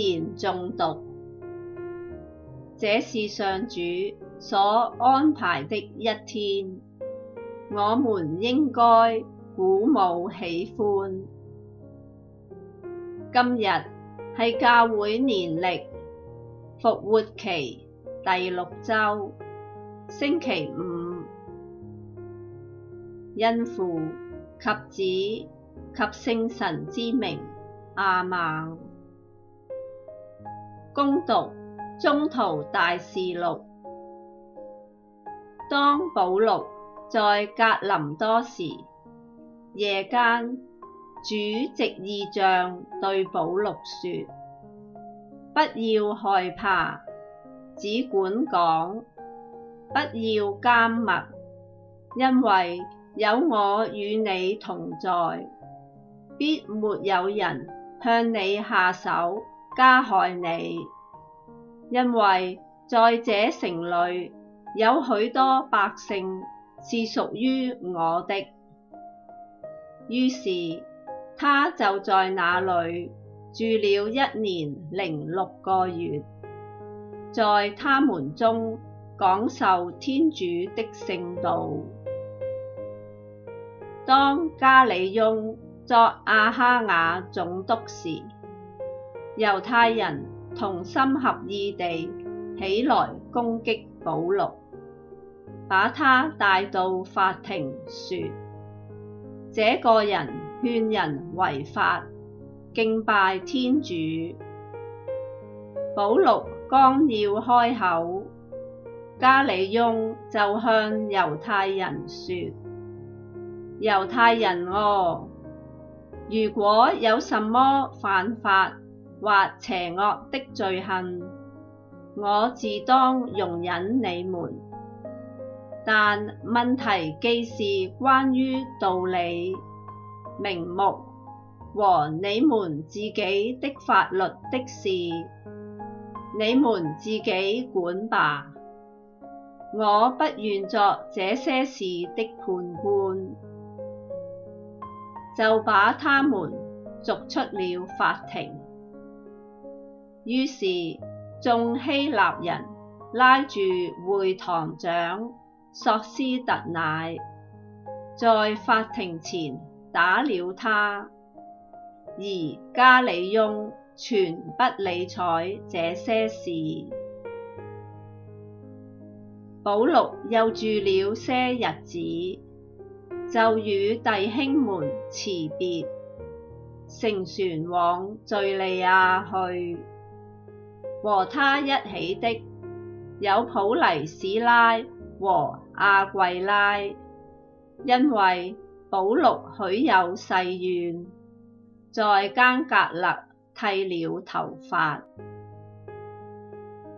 然中毒，這是上主所安排的一天，我們應該鼓舞喜歡。今日係教會年曆復活期第六週星期五，因父及子及聖神之名，阿孟。恭讀宗徒大事錄，當保祿在格林多時，夜間，主藉異象對保祿説：不要害怕，只管講，不要緘默，因為有我與你同在，必沒有人向你下手加害你，因為在這城裏有許多百姓是屬於我的。於是，他就在那裡住了一年零六個月，在他們中講授天主的聖道。當加里雍作阿哈雅總督時，猶太人同心合意地起來攻擊保祿，把他帶到法庭，説：這個人勸人違法、敬拜天主。保祿剛要開口，加里雍就向猶太人説：猶太人哦，如果有什麼犯法，或邪惡的罪行，我自當容忍你們。但問題既是關於道理、名目和你們自己的法律的事，你們自己管吧。我不願作這些事的判官，就把他們逐出了法庭。於是，眾希臘人拉住會堂長索斯特乃，在法庭前打了他，而加里雍全不理睬這些事。保祿又住了些日子，就與弟兄們辭別，乘船往敘利亞去。和他一起的，有普黎史拉和阿桂拉，因為保祿許有誓願，在耕格勒剃了頭髮。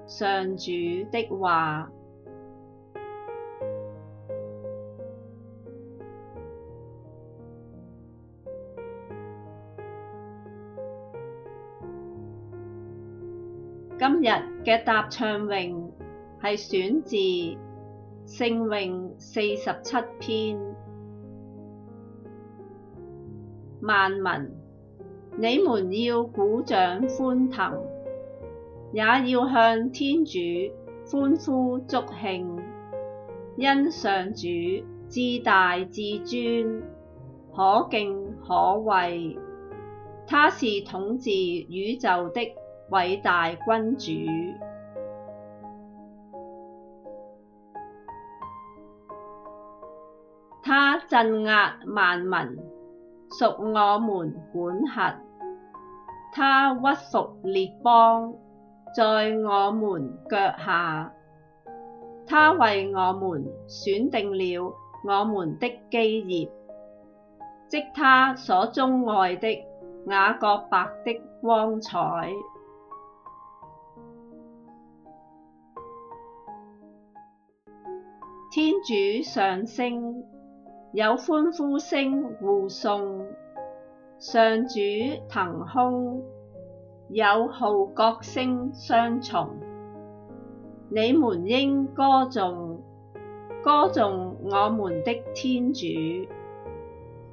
上主的話。今日嘅答唱詠係選自聖詠四十七篇，萬民，你們要鼓掌歡騰，也要向天主歡呼祝慶，因上主至大至尊，可敬可畏，他是統治宇宙的偉大君主，他鎮壓萬民，屬我們管轄；他屈服列邦，在我們腳下；他為我們選定了我們的基業，即他所鍾愛的雅各伯的光彩。天主上升，有歡呼聲護送；上主騰空，有號角聲相從。你們應歌頌，歌頌我們的天主；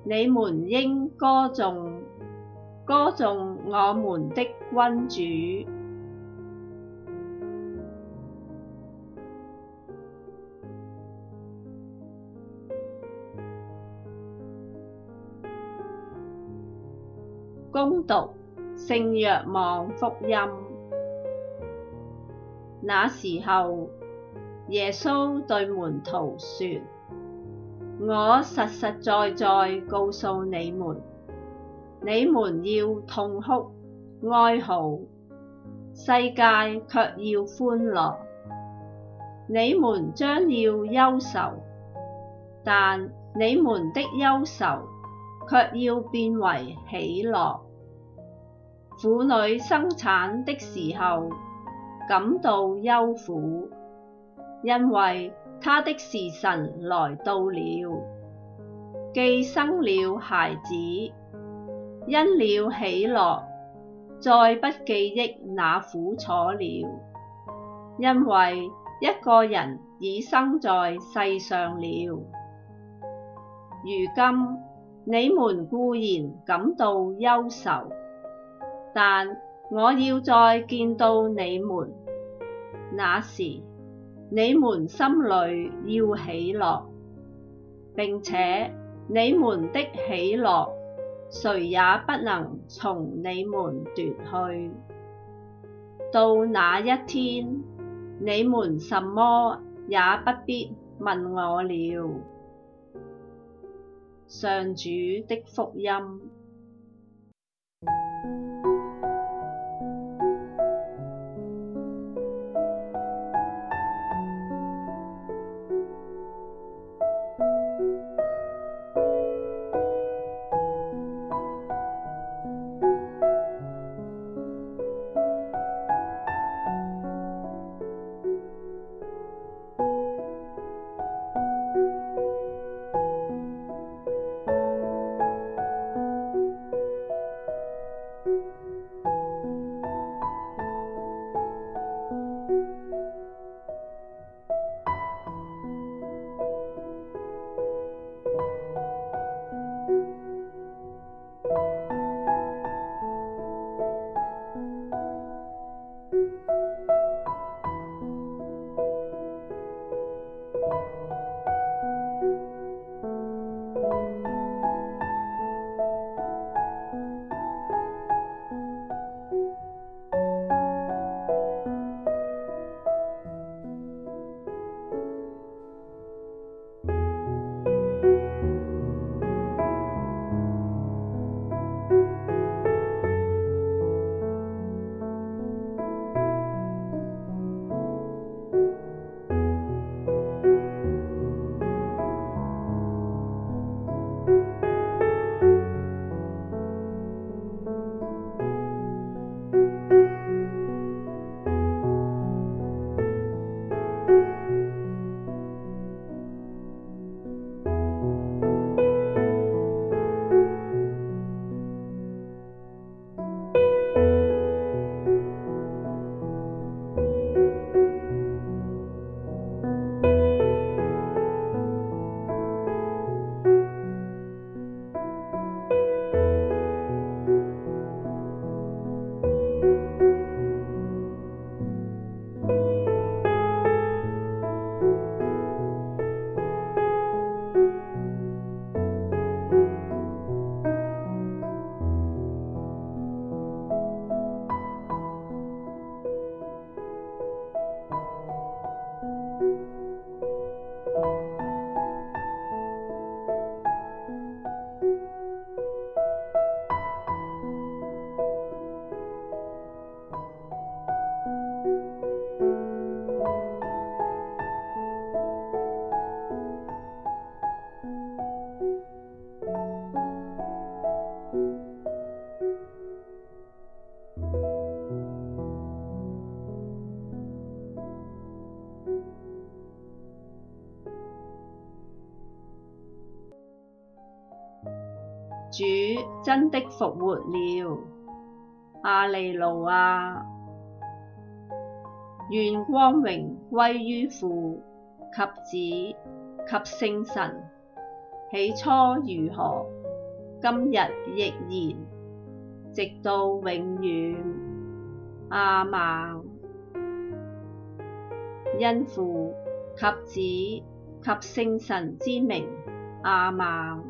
你們應歌頌，歌頌我們的君主。恭讀聖若望福音。那時候，耶穌對門徒說：我實實在在告訴你們，你們要痛哭哀號，世界卻要歡樂。你們將要憂愁，但你們的憂愁卻要變為喜樂。婦女生產的時候，感到憂苦，因為她的時辰來到了，既生了孩子，因了喜樂，再不記憶那苦楚了，因為一個人已生在世上了。如今你們固然感到憂愁。但我要再見到你們，那時你們心裏要喜樂，並且你們的喜樂誰也不能從你們奪去。到那一天，你們什麼也不必問我了。—上主的福音。真的復活了，阿利路亞！願光榮歸於父及子及聖神。起初如何，今日亦然，直到永遠。阿孟。因父及子及聖神之名。阿孟。